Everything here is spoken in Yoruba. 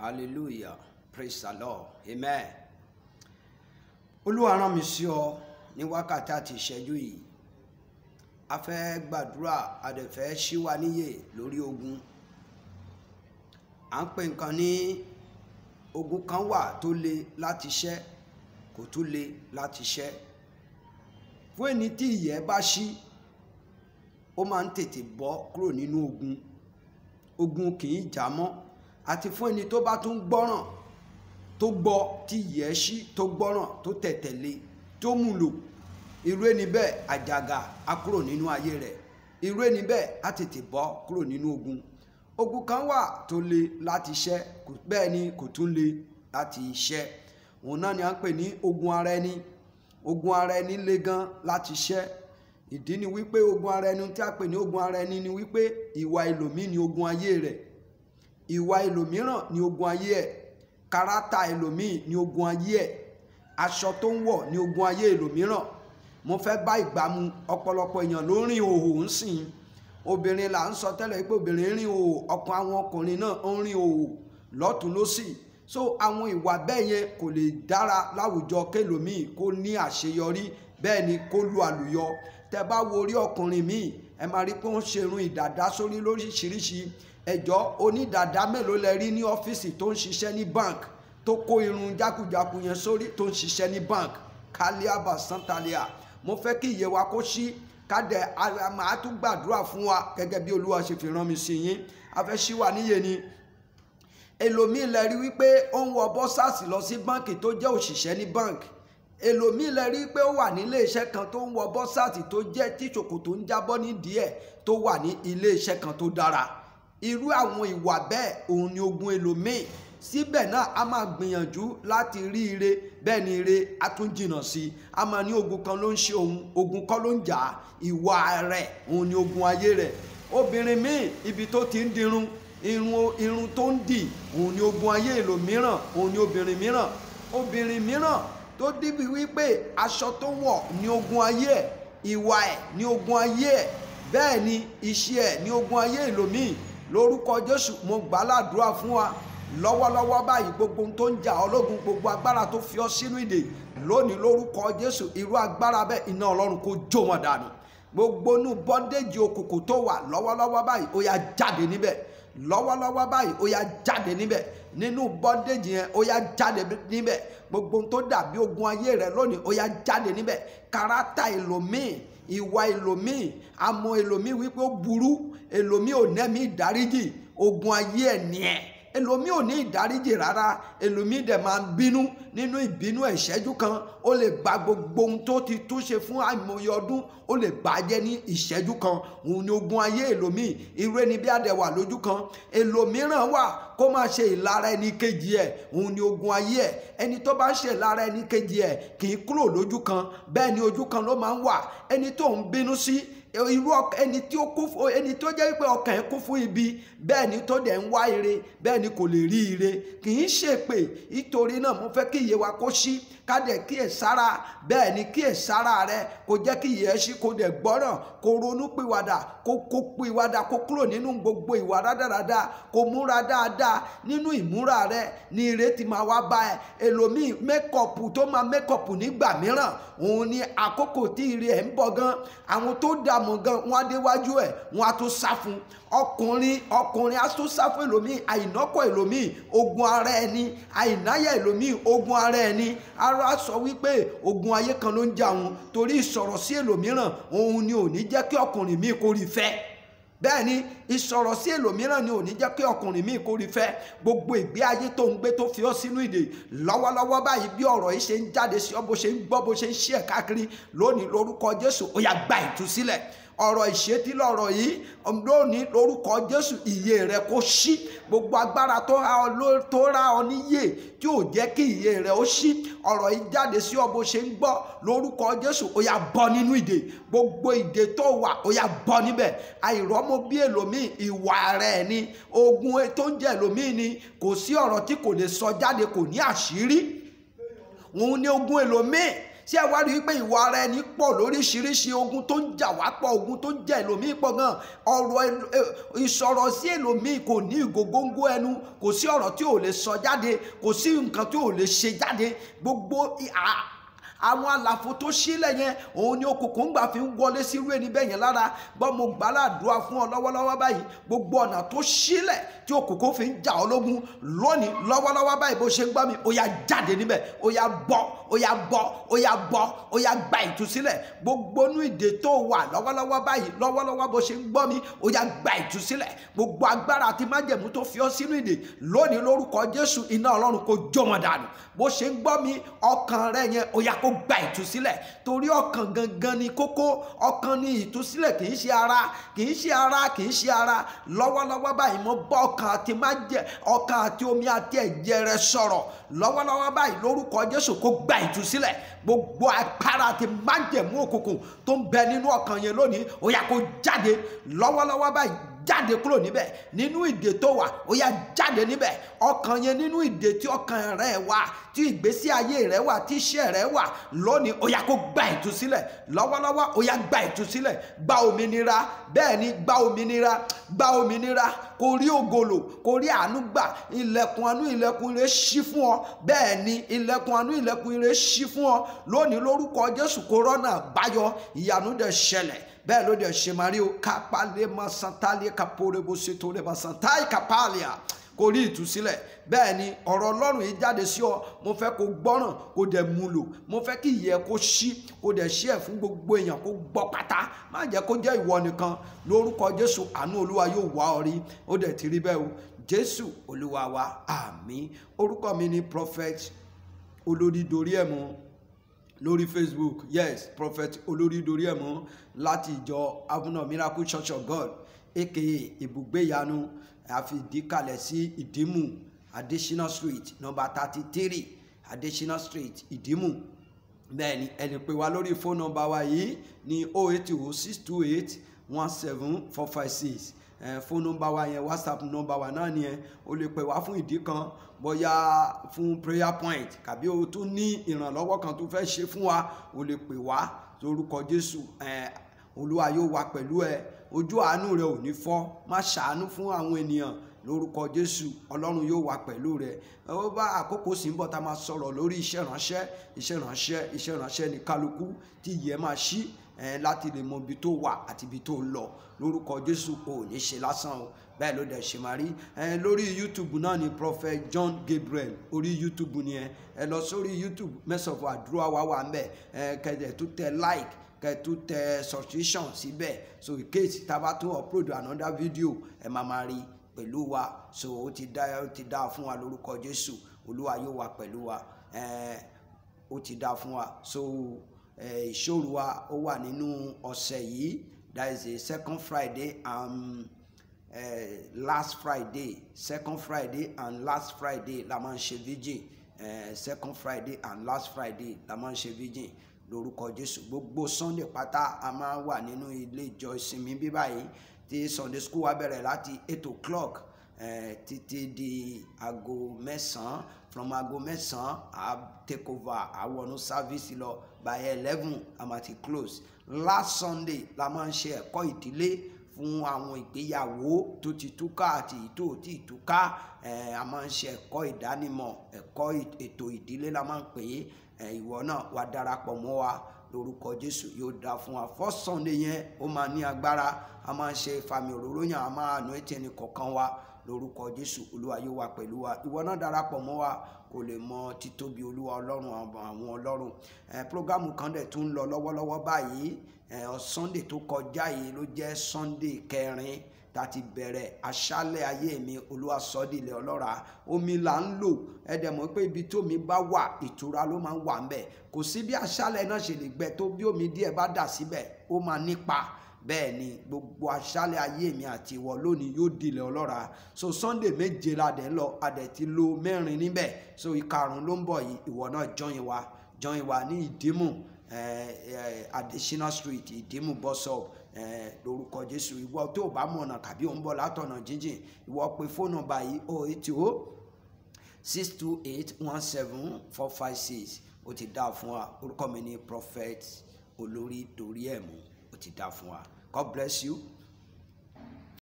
hallelujah praise the lord amen olúwa rán mi sí ọ ní wákàtí àti ìṣẹ́jú yìí a fẹ́ gbàdúrà a dẹ̀ fẹ́ ṣí wa níyè lórí ogun à ń pè nǹkan ní ogun kan wà tó le láti ṣẹ́ kò tún le láti ṣẹ́ fún ẹni tí ìyẹ́ bá ṣí ó máa ń tètè bọ́ kúrò nínú ogun ogun kì í jà mọ́ àti fún ẹni tó bá tún gbọ́ràn tó gbọ́ tí yẹ̀ sí tó gbọ́ràn tó tẹ̀tẹ̀lé tó mú lò irú ẹni bẹ́ẹ̀ àjàgà á kúrò nínú ayé rẹ̀ irú ẹni bẹ́ẹ̀ á tètè bọ́ kúrò nínú ogun ogun kan wà tó le láti ṣẹ́ bẹ́ẹ̀ ni kò tún le láti ṣẹ́ òun náà ni à ń pè ní ogun ara ẹni ogun ara ẹni le gan láti ṣẹ́ ìdí ni wípé ogun ara ẹni tí a pè ní ogun ara ẹni ni wípé ìwà ẹlòmíì ni ogun ayé rẹ̀ ìwà ẹlòmíràn ni ogun ayé ẹ̀ kárátà ẹlòmíì ni ogun ayé ẹ̀ aṣọ tó ń wọ̀ ni ogun ayé ẹlòmíràn mo fẹ́ bá ìgbàmu ọ̀pọ̀lọpọ̀ èèyàn ló rìn òhò ń sìn obìnrin là ń sọ tẹ́lẹ̀ pé obìnrin rìn òhò ọkàn àwọn ọkùnrin náà ń rìn òhò lọ́tún lọ́sì so àwọn ìwà bẹ́ẹ̀ yẹn kò lè dára láwùjọ kẹlòmíì kó ní àṣeyọrí bẹ́ẹ̀ ni kó lu àlùyọ tẹ bá wo orí ọkùnrin míì ẹ máa rí pé ó ń ṣerun ìdàdá lóríṣiríṣi ẹjọ́ onídàádá mélòó lẹ rí ní ọ́fíìsì tó ń ṣiṣẹ́ ní bank tó kó irun jákujàku yẹn sórí tó ń ṣiṣẹ́ ní bank kaliaba santalia mo fẹ́ kí ìyè wa kó ṣí kádẹ màá tún gbàdúrà fún wa gẹ́gẹ́ bí olúwa ṣe fi rán mi sí yín afẹ́ wa níyè ni ẹlòmíì lẹ rí wípé ó ń wọ bọ́sàsì lọ sí báǹkì tó jẹ́ òṣìṣẹ́ ní báǹkì ẹlòmíì lẹ rí pé ó wà nílé iṣẹ́ kan tó ń wọ bọ́sàsì tó jẹ́ tí ń jábọ́ nídìí ẹ̀ tó wà ní ilé kan tó dára irú àwọn ìwà bẹ́ẹ̀ òun ni ogún ẹlòmíì síbẹ̀ náà a máa gbìyànjú láti rí ire bẹ́ẹ̀ ni ire a tún jìnnà sí i a máa ní ogun kan ló ń ṣe òun ogun kọ́ ló ń jà á ìwà rẹ̀ òun ni ogun ayé rẹ̀ obìnrin míì ibi tó ti ń dirun irun irun tó ń dì òun ni ogun ayé èlò òun ni obìnrin mìíràn obìnrin mìíràn tó débi wípé aṣọ tó wọ̀ ni ogun ayé ẹ̀ ìwà ẹ̀ ni ogun ayé ẹ̀ bẹ́ẹ̀ ni iṣẹ́ ẹ̀ ni ogun ayé èlò lórúkọ jésù mo gbà ládùúrà fún wa lọ́wọ́lọ́wọ́ báyìí gbogbo tó ń jà ọlọ́gun gbogbo agbára tó fi ọ sínú ìdè lónìí lórúkọ jésù irú agbára bẹ́ẹ̀ iná ọlọ́run kò jó wọn dànù gbogbo inú bọ́ndéjì òkùnkùn tó wà lọ́wọ́lọ́wọ́ báyìí ó yá jáde níbẹ̀ lọ́wọ́lọ́wọ́ báyìí ó yá jáde níbẹ̀ nínú bọ́ndéjì yẹn ó yá jáde níbẹ̀ gbogbo tó dàbí ogun ayé rẹ lónìí ó yá jáde níbẹ̀ kárátà ìlòmíì ìwà ẹlòmíì àmọ́ ẹlòmíì wípé ó burú ẹlòmíì ò nẹ́mí ìdáríjì ogun ayé ẹ̀ nìyẹn ẹlòmíì ò ní ìdáríjì rárá ẹlòmíì dẹ̀ máa ń bínú nínú ìbínú ìṣẹ́jú kan ó lè gba gbogbo ohun tó ti tó ṣe fún àìmọye ọdún ó lè bàjẹ́ ní ìṣẹ́jú kan òun ni ogun ayé ẹlòmíì irú ẹni bí adẹ̀ wà lójú kan ẹlòmíràn wà kó máa ṣe ìlara ẹni kejì ẹ̀ òun ni ogun ayé ẹ̀ ẹni tó bá ṣe ìlara ẹni kejì ẹ̀ kì í kúrò lójú kan bẹ́ẹ̀ ni ojú kan ló máa ń wà ẹni tó ń bínú sí irú ẹni tí ó kún fún ẹni tó jẹ́ wípé ọkàn ẹ̀ kún fún ibi bẹ́ẹ̀ ni tó dẹ̀ ń wá ire bẹ́ẹ̀ ni kò lè rí ire kì í ṣèpè nítorí náà mo fẹ́ kí iye wa kó ṣí ká dẹ̀ kíyèsára bẹ́ẹ̀ ni kíyèsára rẹ kò jẹ́ kí ìyẹ́ sí kò dẹ̀ gbọ́ràn kò ronú pìwàdà kò kò pìwàdà kò kúrò nínú gbogbo ìwà rádaràda kò múra dáadáa nínú ìmúra rẹ ni ìrètí máa wá bá ẹ èlòmíì mẹ́kọ̀pù tó máa mẹ́kọ̀pù nígbà mìíràn òun ni àkókò tí ire ẹ̀ ń bọ̀ gan àwọn tó dààmú gan wọn á déwájú ẹ̀ wọn á tó sá fún ọkùnrin ọkùnrin á tó sá fún èlòmíì àìnákọ̀ èlòmíì ogun ara ẹni àìnáyà èlòmíì ogun ara ẹni ar á sọ wípé ogun ayé kan ló ń jà wọn torí ìsọ̀rọ̀ sí ẹlòmíràn òun ni ò ní jẹ́ kí ọkùnrin mi kò rí fẹ́ bẹ́ẹ̀ ni ìsọ̀rọ̀ sí ẹlòmíràn ni ò ní jẹ́ kí ọkùnrin mi kò rí fẹ́ gbogbo ìgbé ayé tó ń gbé tó fi ọ́ sínú ìdè lọ́wọ́lọ́wọ́ báyìí bí ọ̀rọ̀ yìí ṣe ń jáde sí ọ bó ṣe ń gbọ́ bó ṣe ń ṣí ẹ̀ káàkiri lónìí lórúkọ Jésù ó yá gba ìtúsílẹ̀ ọ̀rọ̀ ìṣètí lọ̀rọ̀ yìí lónìí lórúkọ jésù ìyè rẹ kó ṣí gbogbo agbára tó rá ọ níyè tí ò jẹ́ kí ìyè rẹ ó ṣí ọ̀rọ̀ yìí jáde sí ọ bó ṣe ń gbọ́ lórúkọ jésù ó yá bọ́ nínú ìdè gbogbo ìdè tó wà ó yá bọ́ níbẹ̀ àìrọ́mọ bí èlòmíì ìwà rẹ̀ ni ogun tó ń jẹ́ èlòmíì ni kò sí ọ̀rọ̀ tí kò lè sọ jáde kò ní àṣírí òun ni ogun èlòmíì ṣé ẹ wá rí i pé ìwà ara ẹni pọ̀ lóríṣiríṣi ogun tó ń jà wá pọ̀ ogun tó ń jẹ́ ẹlòmíì pọ̀ gan ọ̀rọ̀ ìsọ̀rọ̀ sí ẹlòmíì kò ní ìgògóńgó ẹnu kò sí ọ̀rọ̀ tí ò lè sọ jáde kò sí nǹkan tí ò lè ṣe jáde gbogbo àwọn àlàfo tó sílẹ̀ yẹn òun ni òkùnkùn gbà fi ń wọlé sírú ẹni bẹ́ẹ̀ yẹn lára gbọ́ mo gbàládùá fún ọ lọ́wọ́lọ́wọ́ báyìí gbogbo ọ̀nà tó sílẹ̀ tí òkùnkùn fi ń jà ọ́ lógun lónìí lọ́wọ́lọ́wọ́ báyìí bó ṣe ń gbá mi ó yá jáde níbẹ̀ ó yá bọ́ ó yá bọ́ ó yá bọ́ ó yá gba ìtúsílẹ̀ gbogbo inú ìdè tó wà lọ́wọ́lọ́wọ́ báyìí lọ́wọ́lọ́wọ́ bó ṣe ń gbọ́ mi ó yá gba ìtúsílẹ̀ gbogbo agbára àti májẹ̀mú tó fi ọ́ sínú ìdè lónìí lórúkọ mi ọkàn rẹ yẹn kó gba ìtúsílẹ̀ torí ọkàn gangan ni kókó ọkàn ni ìtúsílẹ̀ kì í ṣe ara kì í ṣe ara kì í ṣe ara lọ́wọ́lọ́wọ́ báyìí mo bá ọkàn àti má jẹ ọkàn àti omi àti ẹ̀jẹ̀ rẹ sọ̀rọ̀ lọ́wọ́lọ́wọ́ báyìí lórúkọ Jésù kó gba ìtúsílẹ̀ gbogbo agbára àti májẹ̀mú òkùnkùn tó ń bẹ nínú ọkàn yẹn lónìí ó yá kó jáde lọ́wọ́lọ́wọ́ báyìí jáde kúrò níbẹ̀ nínú ìdè tó wà ó yá jáde níbẹ̀ ọkàn yẹn nínú ìdè tí ọkàn rẹ wà tí ìgbésí ayé rẹ wà tí iṣẹ́ rẹ wà lónìí ó yá kó gba ìtúsílẹ̀ lọ́wọ́lọ́wọ́ ó yá gba ìtúsílẹ̀ gba òmìnira bẹ́ẹ̀ ni gba òmìnira gba òmìnira kò rí ògolo kò rí àánú gbà ilẹ̀kùn àánú ilẹ̀kùn ire ṣí fún ọ bẹ́ẹ̀ ni ilẹ̀kùn àánú ilẹ̀kùn ire ṣí fún ọ lónìí lórúkọ Jésù kò rọ́nà àbáyọ ìyanu dẹ̀ ṣẹlẹ̀ bẹ́ẹ̀ ló dẹ̀ ṣe máa rí o kápálẹ̀ mọ́ santalia kaporebo ṣètò rẹ̀ mọ́ santalia kapalia kò rí ìtúsílẹ̀ bẹ́ẹ̀ ni ọ̀rọ̀ ọlọ́run yìí jáde sí ọ mo fẹ́ kó gbọ́ràn kó dẹ̀ mú lò mo fẹ́ kí ìyẹ́ kó ṣí kó dẹ̀ ṣí ẹ̀ fún gbogbo èèyàn kó gbọ́ pátá má jẹ́ kó jẹ́ ìwọ nìkan lórúkọ jésù àánú olúwa yóò wá ọ rí ó dẹ̀ ti rí bẹ́ẹ̀ o jésù olúwa wa àmín orúkọ mi ni prophet olórí dorí ẹ̀ mọ́ lórí facebook yes prophet olórídorí ẹ̀mọ́ láti ìjọ abuna miracle church of god aka ibùgbéyanu àfìdíkalẹ̀ sí ìdímù adesina street number thirty three adesina street ìdímù bẹ́ẹ̀ ni ẹni pè wá lórí fóònù nọ́mbà wa yìí ní oh eight oh six two eight one seven four five six phone number wa yẹn whatsapp number wa náà nìyẹn o lè pè wá fún ìdí kan bóyá fún prayer point kàbí o tún ní ìrànlọ́wọ́ kan tó fẹ́ ṣe fún wa o lè pè wá lórúkọ jésù olúwa yóò wà pẹ̀lú ẹ ojú àánú rẹ ò ní fọ́ má ṣàánú fún àwọn ènìyàn lórúkọ jésù ọlọ́run yóò wà pẹ̀lú rẹ ó bá àkókò sí ń bọ̀ tá a máa sọ̀rọ̀ lórí iṣẹ́ ìránṣẹ́ iṣẹ́ ìránṣẹ́ iṣẹ́ ìránṣẹ́ ní kálukú tí ìyẹn máa ṣí láti lè mọ ibi tó wà àti ibi tó lọ lórúkọ jésù ò ní ṣe lásán o bẹ́ẹ̀ ló dẹ̀ ṣe máa rí lórí youtube náà ni prophet john gabriel orí youtube ni ẹ ẹ lọ sórí youtube mẹ́sàn-án àdúrà wà wà ń bẹ̀ kẹ̀dẹ̀ tó tẹ like kẹtù tẹ subscription síbẹ̀ so in case taba tó upload another video ẹ máa máa rí pẹ̀lú wa so ó ti dá ó ti dá fún wa lórúkọ jésù olúwa yóò wà pẹ̀lú wa ó ti dá fún wa so. Eh, ìṣòro wa ó wà nínú ọ̀sẹ̀ yìí that is a second Friday and uh, last Friday second Friday and last Friday la máa ń ṣe virgin uh, second Friday and last Friday la máa ń ṣe virgin lórúkọ Jésù gbogbo Sunday pátá a máa wà nínú ilé ìjọ ìsinmi bíbáyìí tí Sunday school wa bẹ̀rẹ̀ láti eight o'clock títí di aago mẹ́sàn-án from aago mẹ́sàn-án a take over àwọn ọ̀nà sáfíìsì lọ by eleven a máa ti close last sunday la máa ń ṣe ẹ̀kọ́ ìdílé fún àwọn ìgbéyàwó tó ti túká àti ìtò tí ìtúká a máa ń ṣe ẹ̀kọ́ ìdánimọ̀ ẹ̀kọ́ ètò ìdílé la máa ń pè é ìwọ náà wá darapọ̀ mọ́ wa lórúkọ jésù yóò dá fún wa first sunday yẹn ó máa ní agbára a máa ń ṣe fàmì òróró yàn a máa àánú ètò ẹnì kọ̀ọ̀kan wa lórúkọ jésù olúwa yóò wà pẹ̀lú wa ìwọ náà darapọ̀ mọ́ wa kò lè mọ títóbi olúwa ọlọ́run àwọn ọlọ́run programu kan dẹ̀ tún ń lọ lọ́wọ́lọ́wọ́ báyìí sunday tó kọjá yìí ló jẹ́ sunday kẹrin tàti bẹ̀rẹ̀ aṣálẹ̀ ayé mi olúwa sọ́dìlẹ̀ ọlọ́ra omi là ń lò ẹ̀dẹ̀ mọ̀ pé ibi tómi bá wà ìtura ló máa ń wà ń bẹ̀ kò sí bí aṣálẹ̀ náà ṣe lè gbẹ tó bí omi díẹ̀ bá dà síbẹ̀ ó máa nípa bẹ́ẹ̀ ni gbogbo aṣálẹ̀ ayé mi àti ìwọ lónìí yóò dilẹ̀ ọlọ́ra so sunday méje la dẹ̀ lọ a dẹ̀ ti lo mẹ́rin níbẹ̀ so ìkarùn ló ń bọ̀ yìí ìwọ náà join wa join wa ní ìdímù adesina street ìdímù bus stop lórúkọ jésù ìwọ tó o bá mọ̀nà kàbí òun bọ̀ látọ̀nà jíjìn ìwọ pe fóònù báyìí o ètò o six two eight one seven four five six o ti dáa fún wa orúkọ mi ni prophet olórí torí ẹ̀ mú ó ti dá fún wa God bless you